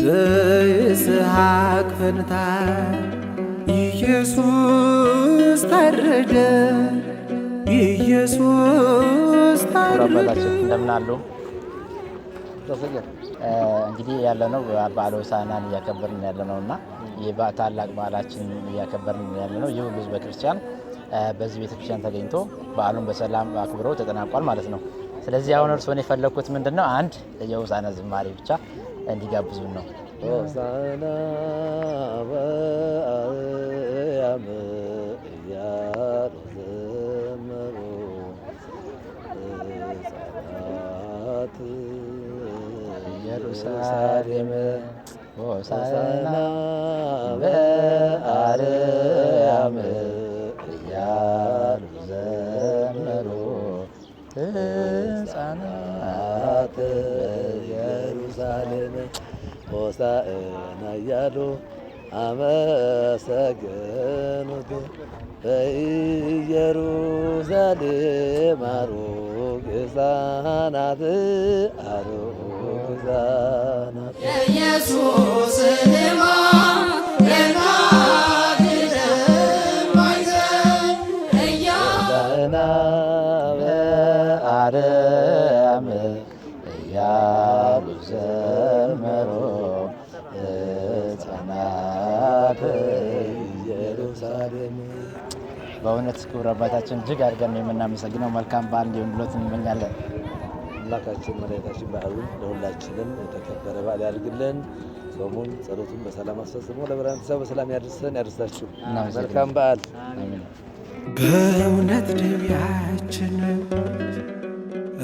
በይስሐቅ ፈንታ ኢየሱስ ታረደ። ኢየሱስ ታረዳችን እንደምናሉ እንግዲህ ያለነው በዓለ ሆሳዕናን እያከበርን ያለነው እና ታላቅ በዓላችን እያከበርን ያለነው ይህ ሁሉ ሕዝበ ክርስቲያን በዚህ ቤተክርስቲያን ተገኝቶ በዓሉን በሰላም አክብሮ ተጠናቋል ማለት ነው። ስለዚህ አሁን እርስዎን የፈለግኩት ምንድን ነው? አንድ የሆሳዕና ዝማሬ ብቻ እንዲጋብዙን ነው። ኢየሩሳሌም ሆሳዕና በአርያም እያሉ ዘመሩ ሕፃናት ኢየሩሳሌም ሆሳዕና እያሉ አመሰገኑት። በኢየሩሳሌም አሩግ ሕፃናት አሩግ ሕፃናት ኢየሱስ ሆሳዕና በአርያም እያ ዘመሮ ህፃናት ኢየሩሳሌም። በእውነት ክቡር አባታችን እጅግ አድርገን የምናመሰግነው መልካም በዓል እንዲሆንልዎት እንመኛለን። አምላካችን መድኃኒታችን በዓሉን ለሁላችንም የተከበረ በዓል ያድርግልን። ጾሙን ጸሎቱን በሰላም አስፈጽሞ ለብርሃነ ትንሣኤው በሰላም ያድርሰን፣ ያድርሳችሁ። መልካም በዓል። በእውነት ድቢያችን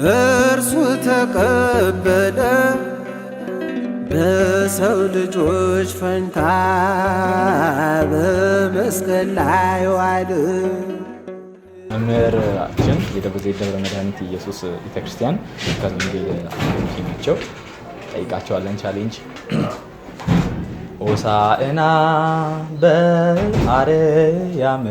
እርሱ ተቀበለ በሰው ልጆች ፈንታ በመስቀል ላይ ዋለ። መምህራችን የደብረዘይት ደብረ መድኃኒት ኢየሱስ ቤተክርስቲያን ስብከተ ወንጌል ናቸው። ጠይቃቸዋለን ቻሌንጅ ሆሳዕና በአርያም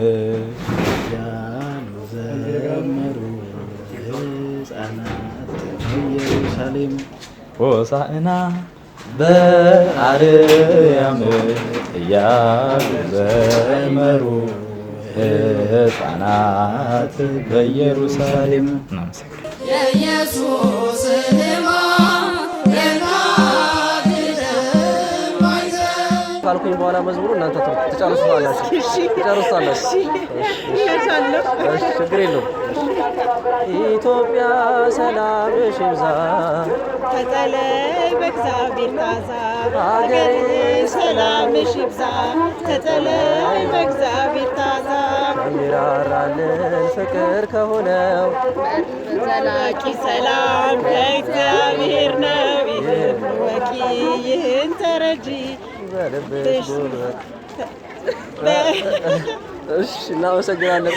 ኢየሩሳሌም ሆሳዕና በአርያም እያሉ ዘመሩ ሕፃናት በኢየሩሳሌም ካልኩኝ በኋላ መዝሙሩ እናንተ ትጨርሱታላችሁ። ችግር የለውም። ኢትዮጵያ ሰላምሽ ይብዛ። ተጠለይ በእግዚአብሔር ታዛ አገር ሰላምሽ ይብዛ። ተጠለይ በእግዚአብሔር ታዛ ከሚራራልን ፍቅር ከሆነው ዘላቂ ሰላም ከእግዚአብሔር ነው። ይህን ወቂ ይህን ተረጂ በልብሽ እሺ። እናመሰግናለን።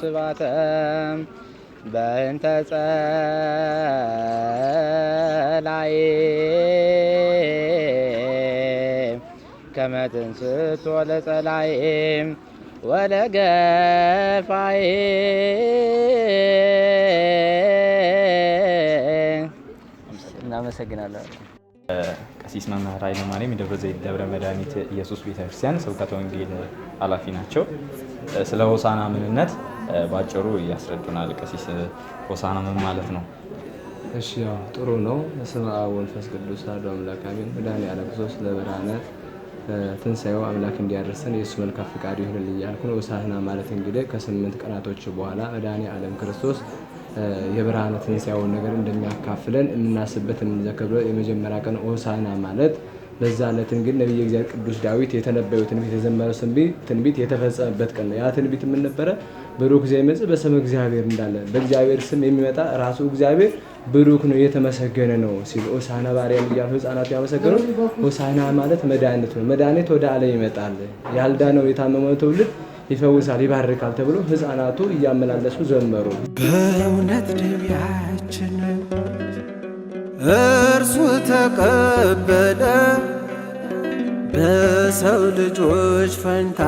ስባተ በእንተ ጸላዬ ከመ ትንስቶ ለጸላዬ ወለገፋዬ እናመሰግናለን። ቀሲስ መምህር ኃይለማርያም የደብረ ዘይት ደብረ መድኃኒት ኢየሱስ ቤተክርስቲያን ስብከተ ወንጌል ኃላፊ ናቸው። ስለ ሆሳና ምንነት ባጭሩ እያስረዱናል ቀሲስ ሆሳዕና ምን ማለት ነው? እሺ ያው ጥሩ ነው። በስመ አብ ወመንፈስ ቅዱስ አሐዱ አምላክ አሜን። መድኃኔዓለም ክርስቶስ ለብርሃነ ትንሣኤው አምላክ እንዲያደርሰን የእሱ መልካም ፈቃድ ይሁንል እያልኩ ነው። ሆሳዕና ማለት እንግዲህ ከስምንት ቀናቶች በኋላ መድኃኔዓለም ክርስቶስ የብርሃነ ትንሣኤውን ነገር እንደሚያካፍለን የምናስበት የምንዘከብረው የመጀመሪያ ቀን ሆሳዕና ማለት በዛ ዕለትም እንግዲህ ነቢየ እግዚአብሔር ቅዱስ ዳዊት የተነበየው ትንቢት የዘመረው ትንቢት የተፈጸመበት ቀን ነው። ያ ትንቢት የምን ነበረ? ብሩክ ዘይመጽእ በስመ እግዚአብሔር እንዳለ በእግዚአብሔር ስም የሚመጣ ራሱ እግዚአብሔር ብሩክ ነው የተመሰገነ ነው ሲል ሆሳዕና በአርያም እያሉ ህፃናቱ ያመሰገኑ። ሆሳዕና ማለት መድኃኒት ነው። መድኃኒት ወደ ዓለም ይመጣል፣ ያልዳነው የታመመው ትውልድ ይፈውሳል፣ ይባርካል ተብሎ ህፃናቱ እያመላለሱ ዘመሩ። በእውነት ደቢያችን እርሱ ተቀበለ በሰው ልጆች ፈንታ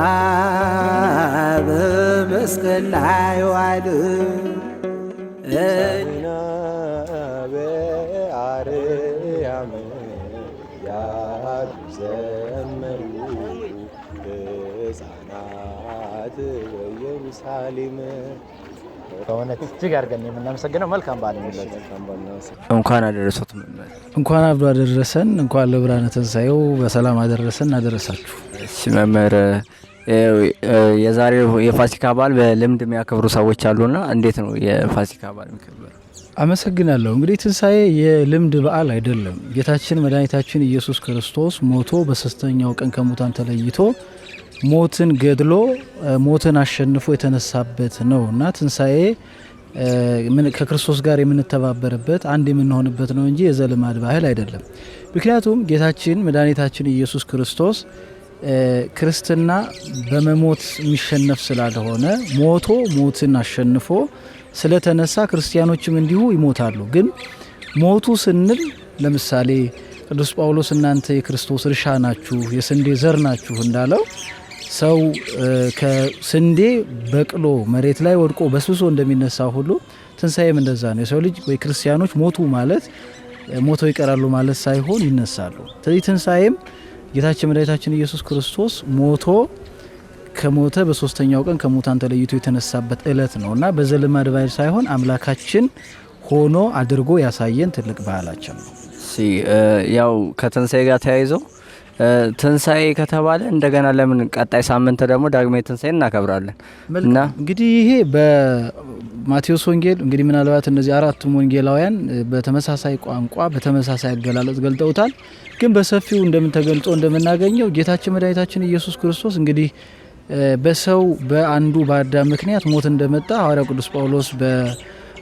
በመስቀል ላይ ዋል አርያም ያሉ ሕፃናት በኢየሩሳሌም በእውነት እጅግ አድርገን የምናመሰግነው መልካም በዓል እንኳን አደረሰት። እንኳን አብዶ አደረሰን። እንኳን ለብርሃነ ትንሣኤው በሰላም አደረሰን አደረሳችሁ። መምህር የዛሬው የፋሲካ በዓል በልምድ የሚያከብሩ ሰዎች አሉና እንዴት ነው የፋሲካ በዓል የሚከበረው? አመሰግናለሁ። እንግዲህ ትንሣኤ የልምድ በዓል አይደለም። ጌታችን መድኃኒታችን ኢየሱስ ክርስቶስ ሞቶ በሶስተኛው ቀን ከሙታን ተለይቶ ሞትን ገድሎ ሞትን አሸንፎ የተነሳበት ነው እና ትንሣኤ ከክርስቶስ ጋር የምንተባበርበት አንድ የምንሆንበት ነው እንጂ የዘልማድ ባህል አይደለም። ምክንያቱም ጌታችን መድኃኒታችን ኢየሱስ ክርስቶስ ክርስትና በመሞት የሚሸነፍ ስላልሆነ ሞቶ ሞትን አሸንፎ ስለተነሳ ክርስቲያኖችም እንዲሁ ይሞታሉ። ግን ሞቱ ስንል ለምሳሌ ቅዱስ ጳውሎስ እናንተ የክርስቶስ እርሻ ናችሁ፣ የስንዴ ዘር ናችሁ እንዳለው ሰው ከስንዴ በቅሎ መሬት ላይ ወድቆ በስብሶ እንደሚነሳ ሁሉ ትንሣኤም እንደዛ ነው። የሰው ልጅ ወይ ክርስቲያኖች ሞቱ ማለት ሞተው ይቀራሉ ማለት ሳይሆን ይነሳሉ። ስለዚህ ትንሣኤም ጌታችን መድኃኒታችን ኢየሱስ ክርስቶስ ሞቶ ከሞተ በሶስተኛው ቀን ከሙታን ተለይቶ የተነሳበት እለት ነው እና በዘልማድ ባህል ሳይሆን አምላካችን ሆኖ አድርጎ ያሳየን ትልቅ ባህላችን ነው። ያው ከትንሣኤ ጋር ተያይዘው ትንሳኤ ከተባለ እንደገና ለምን ቀጣይ ሳምንት ደግሞ ዳግሜ ትንሳኤ እናከብራለን እና እንግዲህ ይሄ በማቴዎስ ወንጌል እንግዲህ ምናልባት እነዚህ አራቱም ወንጌላውያን በተመሳሳይ ቋንቋ በተመሳሳይ አገላለጽ ገልጠውታል። ግን በሰፊው እንደምን እንደምናገኘው ጌታችን መድኃኒታችን ኢየሱስ ክርስቶስ እንግዲህ በሰው በአንዱ በአዳም ምክንያት ሞት እንደመጣ ሐዋርያው ቅዱስ ጳውሎስ በ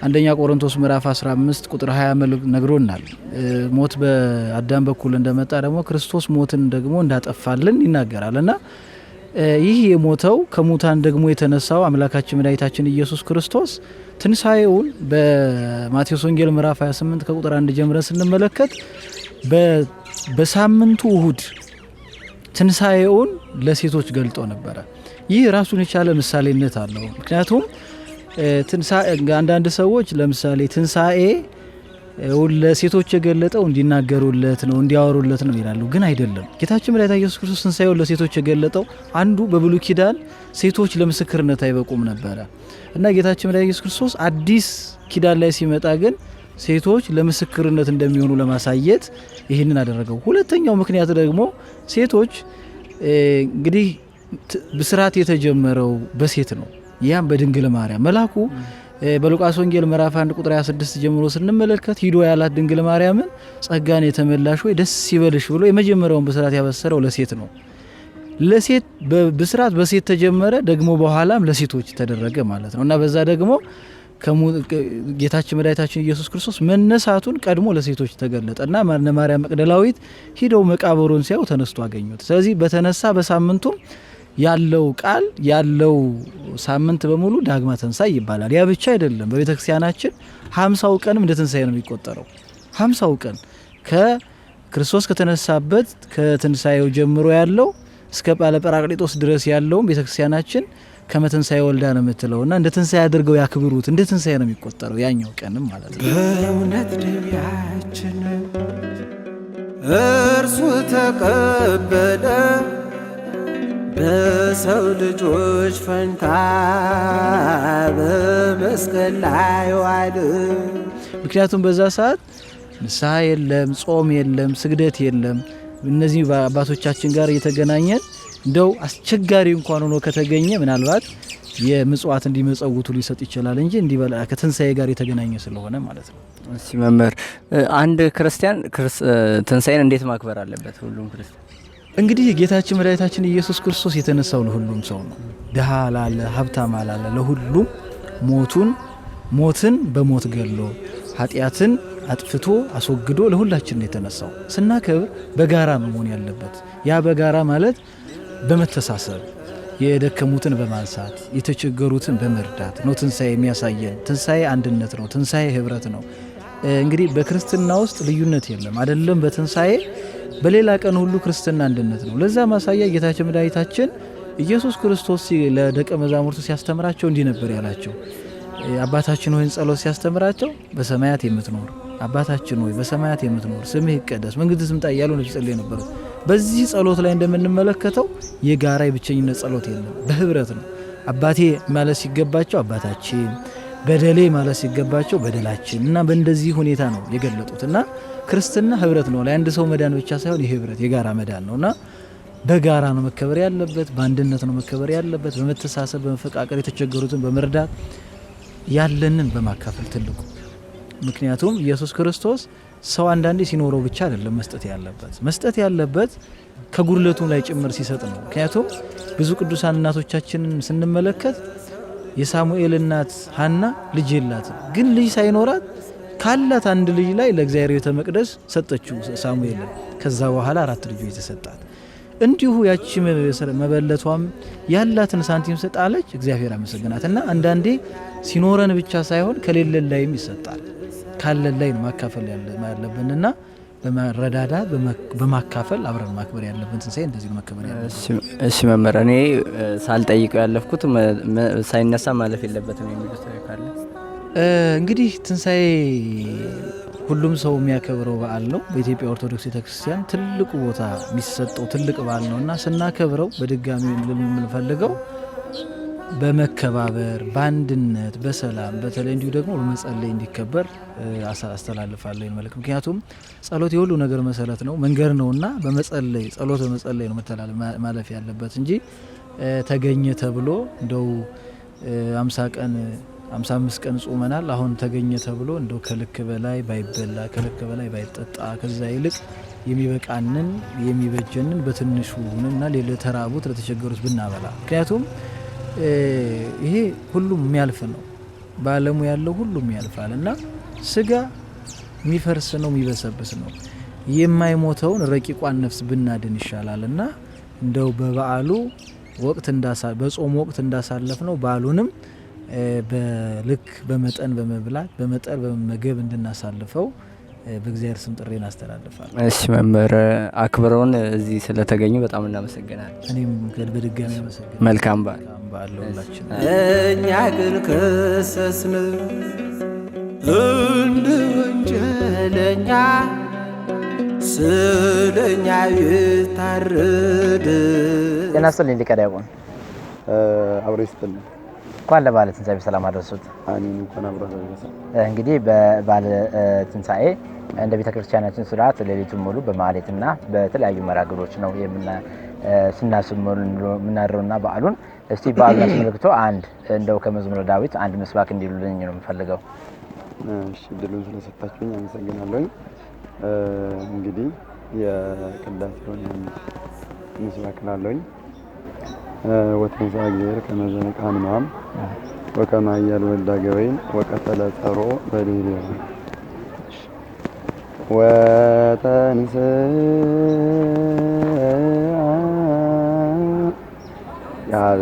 አንደኛ ቆሮንቶስ ምዕራፍ 15 ቁጥር 20 ነግሮናል። ሞት በአዳም በኩል እንደመጣ ደግሞ ክርስቶስ ሞትን ደግሞ እንዳጠፋልን ይናገራል እና ይህ የሞተው ከሙታን ደግሞ የተነሳው አምላካችን መድኃኒታችን ኢየሱስ ክርስቶስ ትንሣኤውን በማቴዎስ ወንጌል ምዕራፍ 28 ከቁጥር 1 ጀምረን ስንመለከት በሳምንቱ እሁድ ትንሣኤውን ለሴቶች ገልጦ ነበረ። ይህ ራሱን የቻለ ምሳሌነት አለው። ምክንያቱም አንዳንድ ሰዎች ለምሳሌ ትንሣኤ ለሴቶች የገለጠው እንዲናገሩለት ነው እንዲያወሩለት ነው ይላሉ። ግን አይደለም። ጌታችን መድኃኒታችን ኢየሱስ ክርስቶስ ትንሣኤውን ለሴቶች የገለጠው አንዱ በብሉይ ኪዳን ሴቶች ለምስክርነት አይበቁም ነበረ እና ጌታችን መድኃኒታችን ኢየሱስ ክርስቶስ አዲስ ኪዳን ላይ ሲመጣ ግን ሴቶች ለምስክርነት እንደሚሆኑ ለማሳየት ይህንን አደረገው። ሁለተኛው ምክንያት ደግሞ ሴቶች እንግዲህ ብስራት የተጀመረው በሴት ነው። ያም በድንግል ማርያም መልአኩ በሉቃስ ወንጌል ምዕራፍ 1 ቁጥር 26 ጀምሮ ስንመለከት ሂዶ ያላት ድንግል ማርያምን ጸጋን የተመላሽ ወይ ደስ ይበልሽ ብሎ የመጀመሪያውን ብስራት ያበሰረው ለሴት ነው። ለሴት ብስራት በሴት ተጀመረ፣ ደግሞ በኋላም ለሴቶች ተደረገ ማለት ነው እና በዛ ደግሞ ጌታችን መድኃኒታችን ኢየሱስ ክርስቶስ መነሳቱን ቀድሞ ለሴቶች ተገለጠ እና ማርያም መቅደላዊት ሂደው መቃብሩን ሲያዩ ተነስቶ አገኙት። ስለዚህ በተነሳ በሳምንቱም ያለው ቃል ያለው ሳምንት በሙሉ ዳግማ ትንሳኤ ይባላል። ያ ብቻ አይደለም። በቤተ ክርስቲያናችን ሀምሳው ቀንም እንደ ትንሳኤ ነው የሚቆጠረው። ሀምሳው ቀን ከክርስቶስ ከተነሳበት ከትንሳኤው ጀምሮ ያለው እስከ ባለ ጰራቅሊጦስ ድረስ ያለውም ቤተ ክርስቲያናችን ከመትንሳኤ ወልዳ ነው የምትለው እና እንደ ትንሳኤ አድርገው ያክብሩት። እንደ ትንሳኤ ነው የሚቆጠረው ያኛው ቀንም ማለት ነው። በእውነት ደዌያችንን እርሱ ተቀበለ በሰው ልጆች ፈንታ በመስቀል ላይ ዋል። ምክንያቱም በዛ ሰዓት ንስሐ የለም፣ ጾም የለም፣ ስግደት የለም። እነዚህ አባቶቻችን ጋር እየተገናኘን እንደው አስቸጋሪ እንኳን ሆኖ ከተገኘ ምናልባት የምጽዋት እንዲመጸውቱ ሊሰጥ ይችላል እንጂ እንዲበላ ከትንሣኤ ጋር የተገናኘ ስለሆነ ማለት ነው። እሺ መምህር፣ አንድ ክርስቲያን ትንሣኤን እንዴት ማክበር አለበት? ሁሉም ክርስቲያን እንግዲህ ጌታችን መድኃኒታችን ኢየሱስ ክርስቶስ የተነሳው ለሁሉም ሰው ነው። ድሃ ላለ፣ ሀብታም ላለ ለሁሉም ሞቱን ሞትን በሞት ገሎ ኃጢአትን አጥፍቶ አስወግዶ ለሁላችን ነው የተነሳው። ስናከብር በጋራ መሆን ያለበት ያ በጋራ ማለት በመተሳሰብ የደከሙትን በማንሳት የተቸገሩትን በመርዳት ነው ትንሣኤ የሚያሳየን። ትንሣኤ አንድነት ነው። ትንሣኤ ህብረት ነው። እንግዲህ በክርስትና ውስጥ ልዩነት የለም አይደለም በትንሣኤ በሌላ ቀን ሁሉ ክርስትና አንድነት ነው። ለዛ ማሳያ ጌታችን መድኃኒታችን ኢየሱስ ክርስቶስ ለደቀ መዛሙርቱ ሲያስተምራቸው እንዲህ ነበር ያላቸው። አባታችን ሆይን ጸሎት ሲያስተምራቸው በሰማያት የምትኖር አባታችን ሆይ በሰማያት የምትኖር ስምህ ይቀደስ፣ መንግሥትህ ትምጣ እያሉ ነው ሲጸልዩ የነበሩት። በዚህ ጸሎት ላይ እንደምንመለከተው የጋራ የብቸኝነት ጸሎት የለም፣ በህብረት ነው። አባቴ ማለት ሲገባቸው አባታችን፣ በደሌ ማለት ሲገባቸው በደላችን እና በእንደዚህ ሁኔታ ነው የገለጡት እና ክርስትና ህብረት ነው። ለአንድ ሰው መዳን ብቻ ሳይሆን ይህ ህብረት የጋራ መዳን ነው እና በጋራ ነው መከበር ያለበት፣ በአንድነት ነው መከበር ያለበት፣ በመተሳሰብ በመፈቃቀር የተቸገሩትን በመርዳት ያለንን በማካፈል ትልቁ ምክንያቱም ኢየሱስ ክርስቶስ ሰው አንዳንዴ ሲኖረው ብቻ አይደለም መስጠት ያለበት መስጠት ያለበት ከጉድለቱም ላይ ጭምር ሲሰጥ ነው። ምክንያቱም ብዙ ቅዱሳን እናቶቻችንን ስንመለከት የሳሙኤል እናት ሀና ልጅ የላትም፣ ግን ልጅ ሳይኖራት ካላት አንድ ልጅ ላይ ለእግዚአብሔር ቤተ መቅደስ ሰጠችው ሳሙኤልን። ከዛ በኋላ አራት ልጆች ተሰጣት። እንዲሁ ያቺ መበለቷም ያላትን ሳንቲም ሰጣለች። እግዚአብሔር አመሰግናት እና አንዳንዴ ሲኖረን ብቻ ሳይሆን ከሌለን ላይም ይሰጣል። ካለን ላይ ነው ማካፈል ያለብንና በመረዳዳ በማካፈል አብረን ማክበር ያለብን ትንሳኤ እንደዚህ መከበር ያለብን። እሺ መምህር፣ እኔ ሳልጠይቀው ያለፍኩት ሳይነሳ ማለፍ የለበትም የሚሉት ካለ እንግዲህ ትንሣኤ ሁሉም ሰው የሚያከብረው በዓል ነው። በኢትዮጵያ ኦርቶዶክስ ቤተክርስቲያን ትልቁ ቦታ የሚሰጠው ትልቅ በዓል ነው እና ስናከብረው በድጋሚ የምንፈልገው በመከባበር በአንድነት፣ በሰላም በተለይ እንዲሁ ደግሞ በመጸለይ እንዲከበር አስተላልፋለሁ መልእክት። ምክንያቱም ጸሎት የሁሉ ነገር መሰረት ነው መንገድ ነው እና በመጸለይ ጸሎት በመጸለይ ነው መተላለፍ ማለፍ ያለበት እንጂ ተገኘ ተብሎ እንደው አምሳ ቀን 55 ቀን ጾመናል። አሁን ተገኘ ተብሎ እንደው ከልክ በላይ ባይበላ ከልክ በላይ ባይጠጣ ከዛ ይልቅ የሚበቃንን የሚበጀንን በትንሹ እና ለተራቡት ለተቸገሩት ብናበላ። ምክንያቱም ይሄ ሁሉም የሚያልፍ ነው፣ በዓለሙ ያለው ሁሉም ያልፋል እና ስጋ የሚፈርስ ነው የሚበሰብስ ነው። የማይሞተውን ረቂቋን ነፍስ ብናድን ይሻላል እና እንደው በበዓሉ ወቅት በጾም ወቅት እንዳሳለፍ ነው በዓሉንም በልክ በመጠን በመብላት በመጠን በመመገብ እንድናሳልፈው በእግዚአብሔር ስም ጥሪ እናስተላልፋል። እሺ መምህር አክብረውን እዚህ ስለተገኙ በጣም እናመሰግናል። እኔም በድጋሚ አመሰግናል። መልካም በዓል ባለሁላችን። እኛ ግን ከሰስን እንደ ወንጀለኛ፣ ስለኛ ይታረድ ጤና ስል ሊቀዳ ይሆን አብሮ ይስጥልን እንኳን ለበዓለ ትንሳኤ በሰላም አደረሱት። እንግዲህ በበዓለ ትንሣኤ እንደ ቤተ ክርስቲያናችን ስርዓት ሌሊቱን ሙሉ በማህሌትና በተለያዩ መራግሮች ነው የምናድረውና በዓሉን እስቲ በዓሉን አስመልክቶ አንድ እንደው ከመዝሙረ ዳዊት አንድ ምስባክ እንዲሉልኝ ነው የምፈልገው። ድሉን ስለሰጣችሁኝ አመሰግናለሁኝ። እንግዲህ የቅዳሴውን ምስባክ ላለሁኝ ወትንሳ እግዚአብሔር ከመ ዘንቃንማም ወከመ ኃያል ወልደ ገበይን ወቀተለ ጸሮ በሌሊሁ ወተንስ ያብ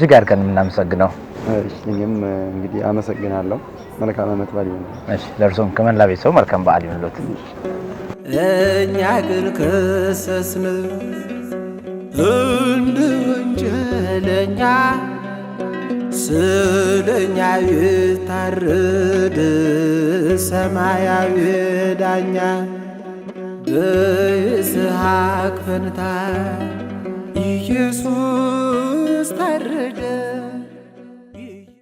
እጅግ አድርገን የምናመሰግነው። እኔም እንግዲህ አመሰግናለሁ። መልካም ዓመት በዓል ይሁንልዎት። ለእርሶም ከመላ ቤተሰቡ መልካም በዓል ይሁንልዎት። እኛ ግን ከሰስን እንደ ወንጀለኛ ስለኛ ይታረድ ሰማያዊ ዳኛ በይስሐቅ ፈንታ ኢየሱስ